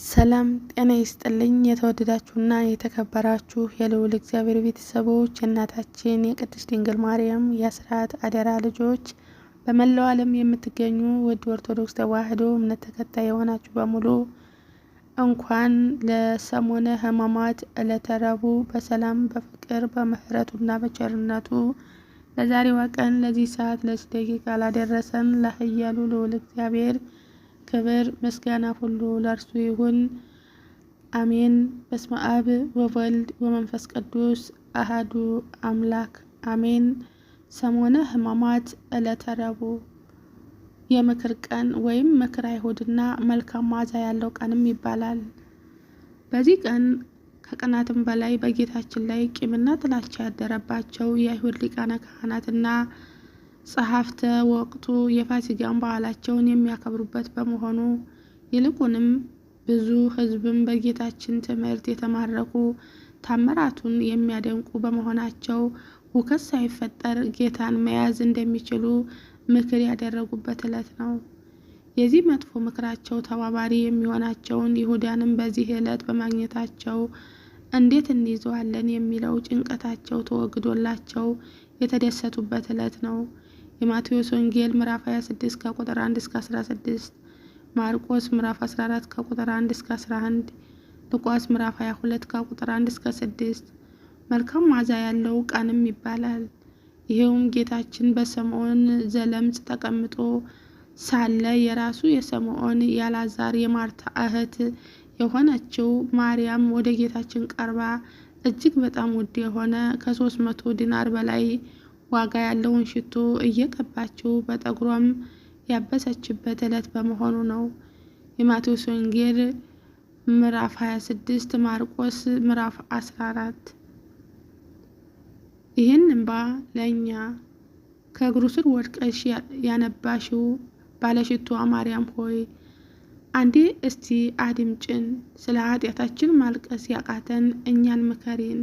ሰላም ጤና ይስጥልኝ። የተወደዳችሁና የተከበራችሁ የልዑል እግዚአብሔር ቤተሰቦች የእናታችን የቅድስት ድንግል ማርያም የአስራት አደራ ልጆች በመላው ዓለም የምትገኙ ውድ ኦርቶዶክስ ተዋሕዶ እምነት ተከታይ የሆናችሁ በሙሉ እንኳን ለሰሞነ ሕማማት ዕለተ ረቡዕ በሰላም በፍቅር በምሕረቱና በቸርነቱ ለዛሬዋ ቀን ለዚህ ሰዓት ለዚህ ደቂቃ ላደረሰን ለኃያሉ ልዑል እግዚአብሔር ክብር ምስጋና ሁሉ ለእርሱ ይሁን አሜን። በስመ አብ ወወልድ ወመንፈስ ቅዱስ አሃዱ አምላክ አሜን። ሰሞነ ሕማማት ዕለተ ረቡዕ የምክር ቀን ወይም ምክር አይሁድና መልካም ማዛ ያለው ቀንም ይባላል። በዚህ ቀን ከቀናትም በላይ በጌታችን ላይ ቂምና ጥላቻ ያደረባቸው የአይሁድ ሊቃነ ካህናትና ጸሐፍተ ወቅቱ የፋሲጋን በዓላቸውን የሚያከብሩበት በመሆኑ ይልቁንም ብዙ ሕዝብም በጌታችን ትምህርት የተማረኩ ታምራቱን የሚያደንቁ በመሆናቸው ሁከት ሳይፈጠር ጌታን መያዝ እንደሚችሉ ምክር ያደረጉበት ዕለት ነው። የዚህ መጥፎ ምክራቸው ተባባሪ የሚሆናቸውን ይሁዳንም በዚህ ዕለት በማግኘታቸው እንዴት እንይዘዋለን የሚለው ጭንቀታቸው ተወግዶላቸው የተደሰቱበት ዕለት ነው። የማቴዎስ ወንጌል ምዕራፍ 26 ከቁጥር 1 እስከ 16፣ ማርቆስ ምዕራፍ 14 ከቁጥር 1 እስከ 11፣ ሉቃስ ምዕራፍ 22 ከቁጥር 1 እስከ 6። መልካም ማዛ ያለው ቀንም ይባላል። ይሄውም ጌታችን በስምዖን ዘለምጽ ተቀምጦ ሳለ የራሱ የስምዖን ያላዛር የማርታ እህት የሆነችው ማርያም ወደ ጌታችን ቀርባ እጅግ በጣም ውድ የሆነ ከሶስት መቶ ዲናር በላይ ዋጋ ያለውን ሽቶ እየቀባችው በጠጉሯም ያበሰችበት ዕለት በመሆኑ ነው። የማቴዎስ ወንጌል ምዕራፍ 26 ማርቆስ ምዕራፍ 14። ይህን እንባ ለእኛ ከእግሩ ስር ወድቀሽ ያነባሽው ባለሽቷ ማርያም ሆይ አንዴ እስቲ አድምጭን። ስለ ኃጢአታችን ማልቀስ ያቃተን እኛን ምከሪን።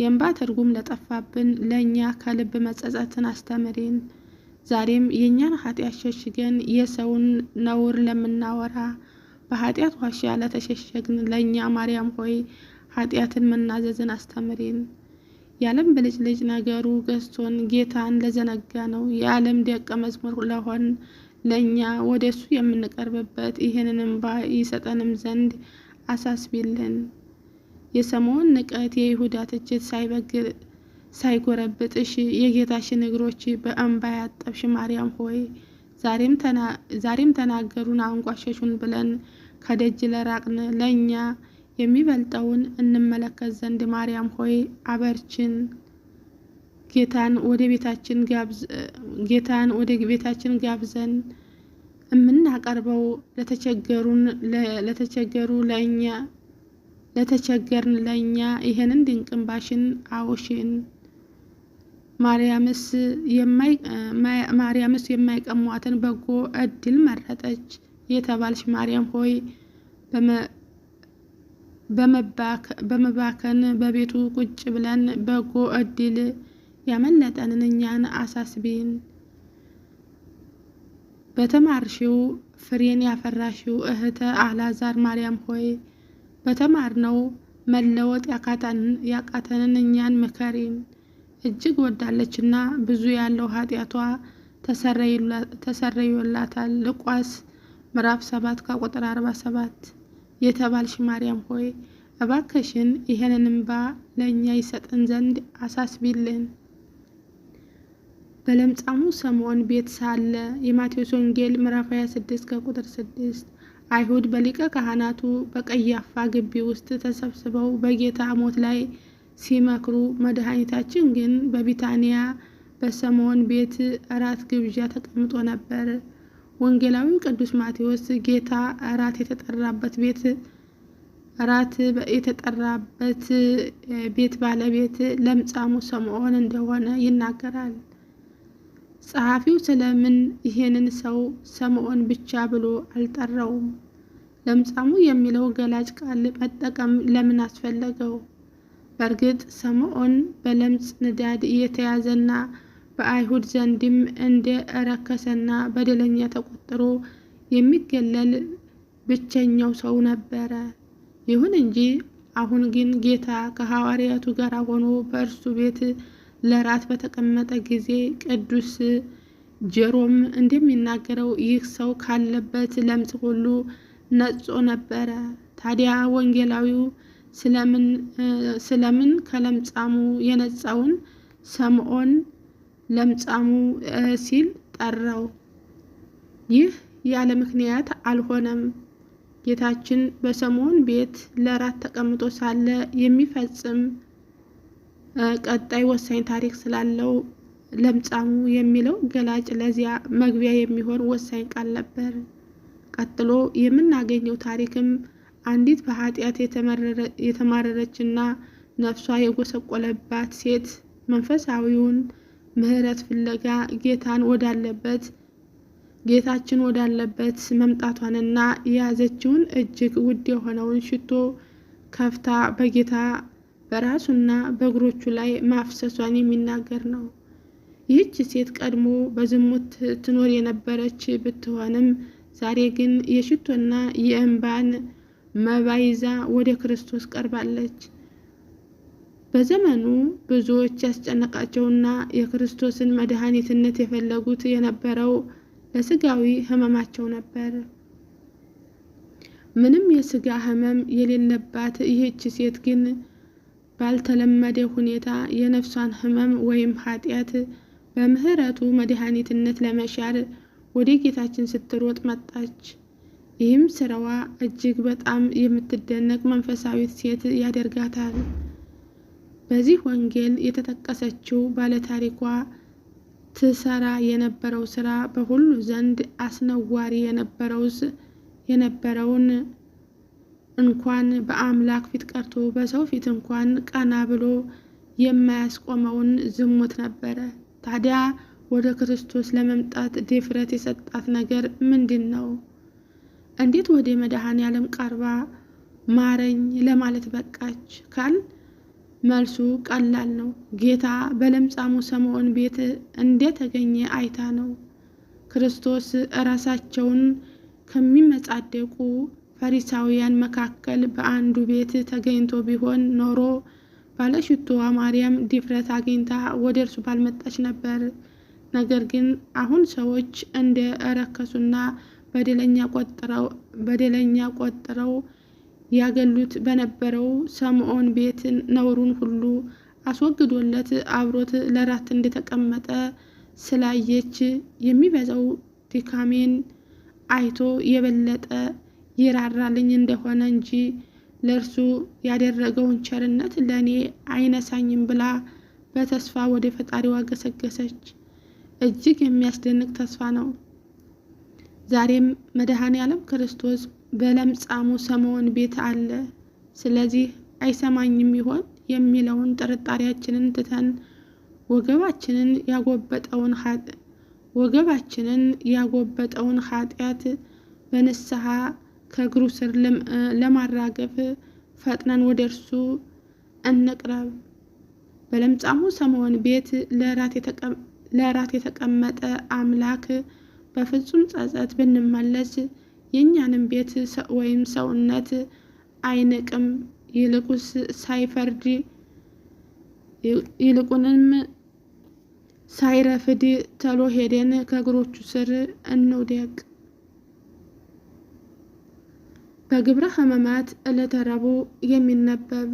የእንባ ትርጉም ለጠፋብን ለእኛ ከልብ መጸጸትን አስተምሪን። ዛሬም የእኛን ኃጢአት ሸሽገን የሰውን ነውር ለምናወራ በኃጢአት ዋሻ ለተሸሸግን ለእኛ ማርያም ሆይ ኃጢአትን መናዘዝን አስተምሪን። የዓለም ብልጭልጭ ነገሩ ገዝቶን ጌታን ለዘነጋ ነው የዓለም ደቀ መዝሙር ለሆን ለእኛ ወደ እሱ የምንቀርብበት ይህንን እንባ ይሰጠንም ዘንድ አሳስቢልን። የሰሞን ንቀት የይሁዳ ትችት ሳይበግር ሳይጎረብጥሽ የጌታሽን እግሮች በእንባ ያጠብሽ ማርያም ሆይ ዛሬም ተናገሩን አንቋሸሹን ብለን ከደጅ ለራቅን ለእኛ የሚበልጠውን እንመለከት ዘንድ ማርያም ሆይ አበርችን። ጌታን ወደ ቤታችን ጌታን ወደ ቤታችን ጋብዘን የምናቀርበው ለተቸገሩ ለእኛ ለተቸገርን ለእኛ ይሄንን ድንቅንባሽን ባሽን ማርያምስ የማይቀሟትን በጎ እድል መረጠች የተባልሽ ማርያም ሆይ በመባከን በቤቱ ቁጭ ብለን በጎ እድል ያመለጠንን እኛን አሳስቢን። በተማርሽው ፍሬን ያፈራሽው እህተ አላዛር ማርያም ሆይ በተማርነው መለወጥ ያቃተንን እኛን ምከሪን። እጅግ ወዳለችና ብዙ ያለው ኃጢአቷ ተሰረዩላታል። ልቋስ ምዕራፍ 7 ከቁጥር 47 የተባልሽ ማርያም ሆይ እባከሽን ይህንን እንባ ለእኛ ይሰጠን ዘንድ አሳስቢልን። በለምጻሙ ሰሞን ቤት ሳለ የማቴዎስ ወንጌል ምዕራፍ 26 ከቁጥር 6 አይሁድ በሊቀ ካህናቱ በቀያፋ ግቢ ውስጥ ተሰብስበው በጌታ ሞት ላይ ሲመክሩ፣ መድኃኒታችን ግን በቢታንያ በሰሞን ቤት እራት ግብዣ ተቀምጦ ነበር። ወንጌላዊው ቅዱስ ማቴዎስ ጌታ እራት የተጠራበት ቤት እራት የተጠራበት ቤት ባለቤት ለምጻሙ ሰምዖን እንደሆነ ይናገራል። ጸሐፊው ስለምን ይህንን ሰው ሰምዖን ብቻ ብሎ አልጠራውም? ለምጻሙ የሚለው ገላጭ ቃል መጠቀም ለምን አስፈለገው? በእርግጥ ሰምዖን በለምጽ ንዳድ እየተያዘና በአይሁድ ዘንድም እንደ ረከሰና በደለኛ ተቆጥሮ የሚገለል ብቸኛው ሰው ነበረ። ይሁን እንጂ አሁን ግን ጌታ ከሐዋርያቱ ጋር ሆኖ በእርሱ ቤት ለራት በተቀመጠ ጊዜ ቅዱስ ጀሮም እንደሚናገረው ይህ ሰው ካለበት ለምጽ ሁሉ ነጾ ነበረ። ታዲያ ወንጌላዊው ስለምን ከለምጻሙ የነጻውን ሰምዖን ለምጻሙ ሲል ጠራው? ይህ ያለ ምክንያት አልሆነም። ጌታችን በሰምዖን ቤት ለራት ተቀምጦ ሳለ የሚፈጽም ቀጣይ ወሳኝ ታሪክ ስላለው ለምጻሙ የሚለው ገላጭ ለዚያ መግቢያ የሚሆን ወሳኝ ቃል ነበር። ቀጥሎ የምናገኘው ታሪክም አንዲት በኃጢአት የተማረረችና ነፍሷ የጎሰቆለባት ሴት መንፈሳዊውን ምሕረት ፍለጋ ጌታን ወዳለበት ጌታችን ወዳለበት መምጣቷንና የያዘችውን እጅግ ውድ የሆነውን ሽቶ ከፍታ በጌታ በራሱና በእግሮቹ ላይ ማፍሰሷን የሚናገር ነው። ይህች ሴት ቀድሞ በዝሙት ትኖር የነበረች ብትሆንም ዛሬ ግን የሽቶና የእንባን መባ ይዛ ወደ ክርስቶስ ቀርባለች። በዘመኑ ብዙዎች ያስጨነቃቸውና የክርስቶስን መድኃኒትነት የፈለጉት የነበረው ለስጋዊ ሕመማቸው ነበር። ምንም የስጋ ሕመም የሌለባት ይህች ሴት ግን ባልተለመደ ሁኔታ የነፍሷን ህመም ወይም ኃጢአት በምህረቱ መድኃኒትነት ለመሻር ወደ ጌታችን ስትሮጥ መጣች። ይህም ስራዋ እጅግ በጣም የምትደነቅ መንፈሳዊት ሴት ያደርጋታል። በዚህ ወንጌል የተጠቀሰችው ባለታሪኳ ትሰራ የነበረው ስራ በሁሉ ዘንድ አስነዋሪ የነበረውን እንኳን በአምላክ ፊት ቀርቶ በሰው ፊት እንኳን ቀና ብሎ የማያስቆመውን ዝሙት ነበረ። ታዲያ ወደ ክርስቶስ ለመምጣት ድፍረት የሰጣት ነገር ምንድን ነው? እንዴት ወደ መድኃኔ ዓለም ቀርባ ማረኝ ለማለት በቃች ካል መልሱ ቀላል ነው። ጌታ በለምጻሙ ሰምዖን ቤት እንደተገኘ አይታ ነው። ክርስቶስ ራሳቸውን ከሚመጻደቁ ፈሪሳውያን መካከል በአንዱ ቤት ተገኝቶ ቢሆን ኖሮ ባለሽቶዋ ማርያም ድፍረት አግኝታ ወደ እርሱ ባልመጣች ነበር። ነገር ግን አሁን ሰዎች እንደ ረከሱና በደለኛ ቆጥረው ያገሉት በነበረው ሰምዖን ቤት ነውሩን ሁሉ አስወግዶለት አብሮት ለራት እንደተቀመጠ ስላየች የሚበዛው ድካሜን አይቶ የበለጠ ይራራልኝ እንደሆነ እንጂ ለእርሱ ያደረገውን ቸርነት ለእኔ አይነሳኝም ብላ በተስፋ ወደ ፈጣሪዋ ገሰገሰች። እጅግ የሚያስደንቅ ተስፋ ነው። ዛሬም መድኃኔ ዓለም ክርስቶስ በለምጻሙ ስምዖን ቤት አለ። ስለዚህ አይሰማኝም ይሆን የሚለውን ጥርጣሬያችንን ትተን ወገባችንን ያጎበጠውን ወገባችንን ያጎበጠውን ኃጢአት በንስሐ ከእግሩ ስር ለማራገፍ ፈጥነን ወደ እርሱ እንቅረብ። በለምጻሙ ሰሞን ቤት ለራት የተቀመጠ አምላክ በፍጹም ጸጸት ብንመለስ የእኛንም ቤት ወይም ሰውነት አይንቅም። ይልቁስ ሳይፈርድ ይልቁንም ሳይረፍድ ተሎ ሄደን ከእግሮቹ ስር እንውደቅ። በግብረ ሕማማት ዕለተ ረቡዕ የሚነበብ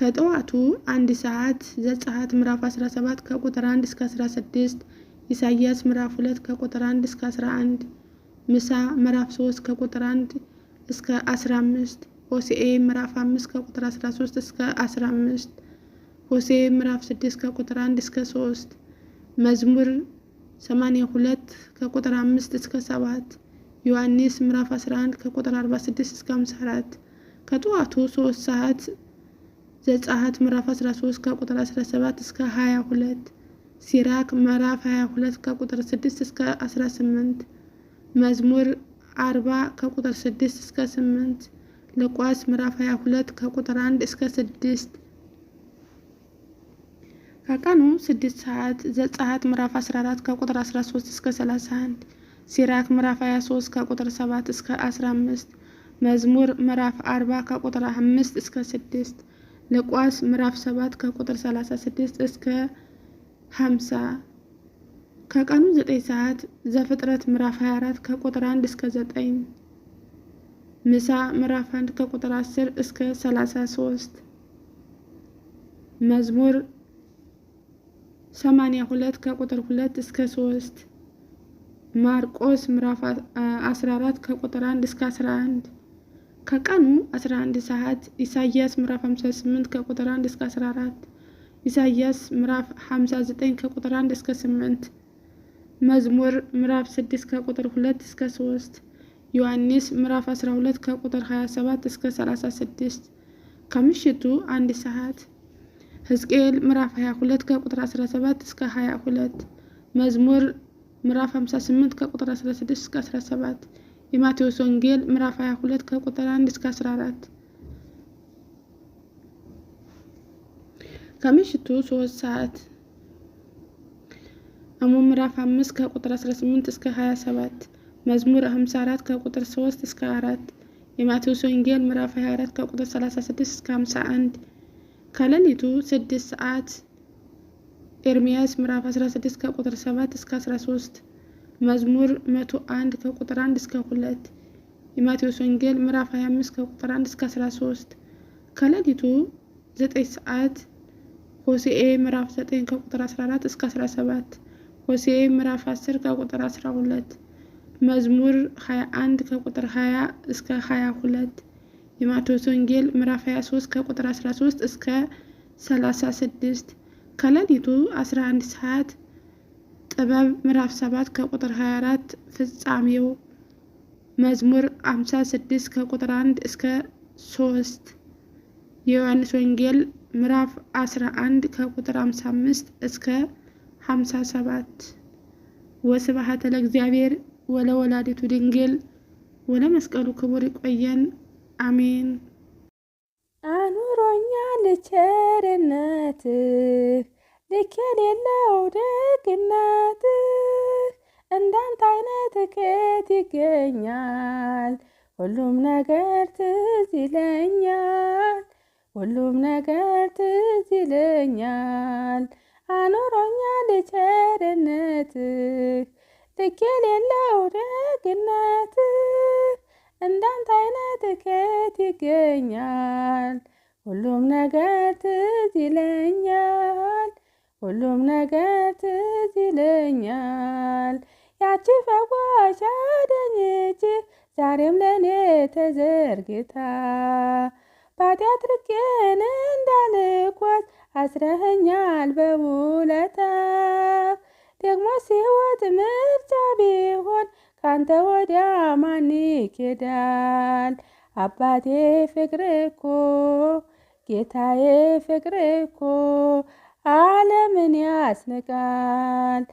ከጠዋቱ አንድ ሰዓት ዘጸአት ምዕራፍ 17 ከቁጥር 1 እስከ 16፣ ኢሳይያስ ምዕራፍ 2 ከቁጥር 1 እስከ 11፣ ምሳ ምዕራፍ 3 ከቁጥር 1 እስከ 15፣ ሆሴኤ ምዕራፍ 5 ከቁጥር 13 እስከ 15፣ ሆሴ ምዕራፍ 6 ከቁጥር 1 እስከ 3፣ መዝሙር 82 ከቁጥር 5 እስከ 7 ዮሐንስ ምዕራፍ 11 ከቁጥር 46 እስከ 54 ከጠዋቱ 3 ሰዓት ዘጸአት ምዕራፍ 13 ከቁጥር 17 እስከ 22 ሲራክ ምዕራፍ 22 ከቁጥር 6 እስከ 18 መዝሙር 40 ከቁጥር 6 እስከ 8 ለቋስ ምዕራፍ 22 ከቁጥር 1 እስከ 6 ከቀኑ 6 ሰዓት ዘጸአት ምዕራፍ 14 ከቁጥር 13 እስከ 31 ሲራክ ምዕራፍ 23 ከቁጥር 7 እስከ 15፣ መዝሙር ምዕራፍ 40 ከቁጥር 5 እስከ 6፣ ልቋስ ምዕራፍ 7 ከቁጥር 36 እስከ 50፣ ከቀኑ 9 ሰዓት ዘፍጥረት ምዕራፍ 24 ከቁጥር 1 እስከ 9፣ ምሳ ምዕራፍ 1 ከቁጥር 10 እስከ 33፣ መዝሙር 82 ከቁጥር 2 እስከ 3 ማርቆስ ምዕራፍ 14 ከቁጥር 1 እስከ 11 ከቀኑ 11 ሰዓት ኢሳይያስ ምዕራፍ 58 ከቁጥር 1 እስከ 14 ኢሳይያስ ምዕራፍ 59 ከቁጥር 1 እስከ 8 መዝሙር ምዕራፍ 6 ከቁጥር 2 እስከ 3 ዮሐንስ ምዕራፍ 12 ከቁጥር 27 እስከ 36 ከምሽቱ 1 ሰዓት ሕዝቅኤል ምዕራፍ 22 ከቁጥር 17 እስከ 22 መዝሙር ምዕራፍ 58 ከቁጥር 16 እስከ 17 የማቴዎስ ወንጌል ምዕራፍ 22 ከቁጥር 1 እስከ 14 ከምሽቱ 3 ሰዓት አሞ ምዕራፍ 5 ከቁጥር 18 እስከ 27 መዝሙር 54 ከቁጥር 3 እስከ 4 የማቴዎስ ወንጌል ምዕራፍ 24 ከቁጥር 36 እስከ 51 ከሌሊቱ 6 ሰዓት ኤርሚያስ ምዕራፍ 16 ከቁጥር 7 እስከ 13፣ መዝሙር 101 ከቁጥር 1 እስከ 2፣ የማቴዎስ ወንጌል ምዕራፍ 25 ከቁጥር 1 እስከ 13፣ ከሌሊቱ 9 ሰዓት ሆሴኤ ምዕራፍ 9 ከቁጥር 14 እስከ 17፣ ሆሴኤ ምዕራፍ 10 ከቁጥር 12፣ መዝሙር 21 ከቁጥር 20 እስከ 22፣ የማቴዎስ ወንጌል ምዕራፍ 23 ከቁጥር 13 እስከ 36 ከሌሊቱ 11 ሰዓት ጥበብ ምዕራፍ 7 ከቁጥር 24 ፍጻሜው መዝሙር 56 ከቁጥር 1 እስከ 3 የዮሐንስ ወንጌል ምዕራፍ 11 ከቁጥር 55 እስከ 57 ወስብሐት ለእግዚአብሔር ወለወላዲቱ ድንግል ወለመስቀሉ ክቡር ይቆየን። አሜን። አድርጎኛል ቸርነትህ ልክ የሌለው ደግነትህ እንዳንተ አይነት ከየት ይገኛል? ሁሉም ነገር ትዝ ይለኛል፣ ሁሉም ነገር ትዝ ይለኛል። አኖሮኛል ቸርነትህ ልክ የሌለው ደግነትህ እንዳንተ አይነት ከየት ይገኛል? ሁሉም ነገር ትዝ ይለኛል፣ ሁሉም ነገር ትዝ ይለኛል። ያቺ ፈዋሽ አዳኝ ዛሬም ለእኔ ተዘርግታ ባጢአት ርቄን እንዳልኳት አስረኸኛል በውለታ። ደግሞ ሲወት ምርጫ ቢሆን ካንተ ወዲያ ማን ይኬዳል? አባቴ ፍቅር እኮ ጌታዬ ፍቅር እኮ ዓለምን ያስንቃል።